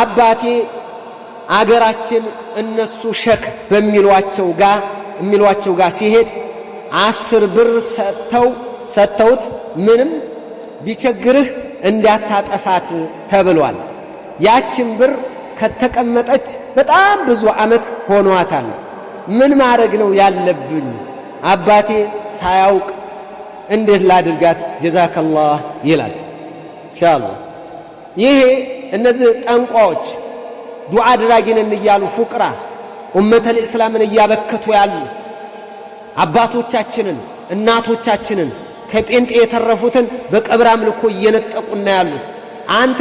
አባቴ አገራችን እነሱ ሸክ በሚሏቸው ጋር የሚሏቸው ጋር ሲሄድ አስር ብር ሰጥተው ሰጥተውት ምንም ቢቸግርህ እንዳታጠፋት ተብሏል። ያችን ብር ከተቀመጠች በጣም ብዙ ዓመት ሆኗታል። ምን ማድረግ ነው ያለብኝ? አባቴ ሳያውቅ እንዴት ላድርጋት? ጀዛከላህ ይላል። ኢንሻአላህ ይሄ እነዚህ ጠንቋዎች ዱዓ አድራጊንን እያሉ ፉቅራ ኡመተል እስላምን እያበከቱ ያሉ አባቶቻችንን እናቶቻችንን ከጴንጤ የተረፉትን በቀብር አምልኮ እየነጠቁና ያሉት አንተ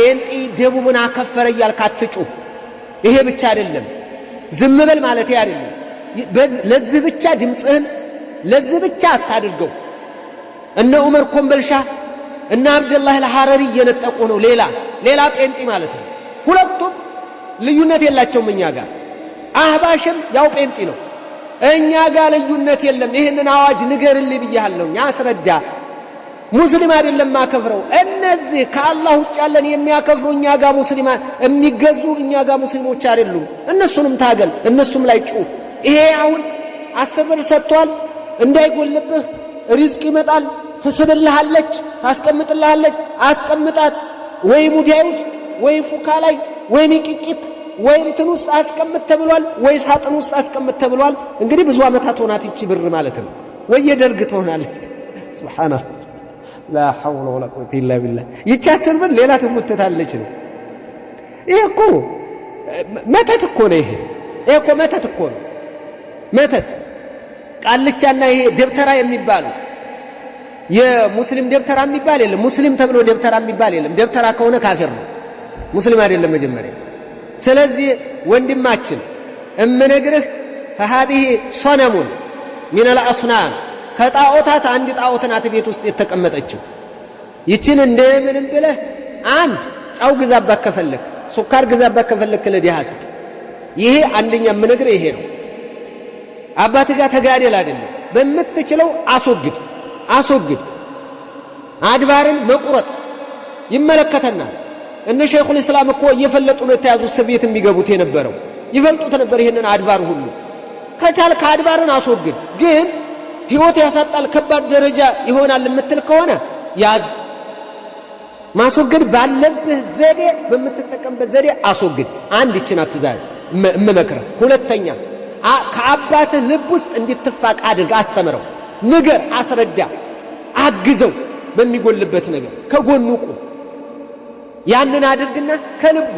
ጴንጤ ደቡብን አከፈረ እያልክ አትጩህ። ይሄ ብቻ አይደለም፣ ዝም በል ማለት አይደለም። ለዚህ ብቻ ድምፅህን ለዚህ ብቻ አታድርገው። እነ ዑመር ኮምበልሻ እና አብደላህ ለሐረሪ እየነጠቁ ነው። ሌላ ሌላ ጴንጤ ማለት ነው። ሁለቱም ልዩነት የላቸውም። እኛ ጋር አህባሽም ያው ጴንጢ ነው። እኛ ጋር ልዩነት የለም። ይህንን አዋጅ ንገርልኝ ብያለሁ፣ አስረዳ። ሙስሊም አይደለም ማከፍረው። እነዚህ ከአላህ ውጭ ያለን የሚያከፍሩ እኛ ጋር ሙስሊም የሚገዙ እኛ ጋር ሙስሊሞች አይደሉም። እነሱንም ታገል፣ እነሱም ላይ ጩህ። ይሄ አሁን አስር ብር ሰጥቷል እንዳይጎልብህ ሪዝቅ ይመጣል ትስብልሃለች፣ ታስቀምጥልሃለች። አስቀምጣት ወይ ሙዳይ ውስጥ ወይ ፉካ ላይ ወይ ሚቂቂት ወይ እንትን ውስጥ አስቀምጥ ተብሏል፣ ወይ ሳጥን ውስጥ አስቀምጥ ተብሏል። እንግዲህ ብዙ ዓመታት ሆናት ይቺ ብር ማለት ነው። ወይ የደርግ ትሆናለች። ሱብሓነላህ ላ ሐውለ ወላ ቁወተ ኢላ ቢላህ። ይቺ አስር ብር ሌላ ትሞትታለች ነው። ይሄ እኮ መተት እኮ ነው። ይሄ ይሄ እኮ መተት እኮ ነው። መተት ቃልቻና ይሄ ደብተራ የሙስሊም ደብተራ የሚባል የለም። ሙስሊም ተብሎ ደብተራ የሚባል የለም። ደብተራ ከሆነ ካፌር ነው፣ ሙስሊም አይደለም መጀመሪያ። ስለዚህ ወንድማችን እምነግርህ ፈሃዲህ ሶነሙን ሚነል አስናን ከጣዖታት አንድ ጣዖት ናት ቤት ውስጥ የተቀመጠችው። ይችን እንደምንም ብለህ አንድ ጫው ግዛባት ከፈለክ፣ ሱካር ግዛባት ከፈለክ ለድሃ ስጥ። ይሄ አንደኛ የምነግርህ ይሄ ነው። አባት ጋር ተጋደል አይደለም፣ በምትችለው አስወግድ። አስወግድ። አድባርን መቁረጥ ይመለከተናል። እነ ሸይኹል ኢስላም እኮ እየፈለጡ ነው የተያዙ እስር ቤት የሚገቡት የነበረው ይፈልጡት ነበር። ይህንን አድባር ሁሉ ከቻልክ አድባርን አስወግድ። ግን ህይወት ያሳጣል፣ ከባድ ደረጃ ይሆናል የምትል ከሆነ ያዝ። ማስወገድ ባለብህ ዘዴ፣ በምትጠቀምበት ዘዴ አስወግድ። አንድ ይችን አትዛዝ እምመክረህ። ሁለተኛ ከአባትህ ልብ ውስጥ እንዲትፋቅ አድርግ፣ አስተምረው። ንገር፣ አስረዳ፣ አግዘው። በሚጎልበት ነገር ከጎኑ ቁም። ያንን አድርግና ከልቡ